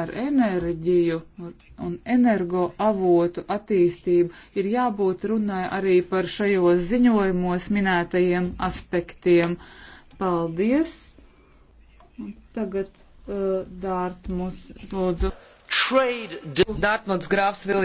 ar enerģiju un energoavotu attīstību ir jābūt runai arī par šajos ziņojumos minētajiem aspektiem. Paldies! Un tagad uh, Dārtmus lūdzu. Dārtmuts grāfs Vilja.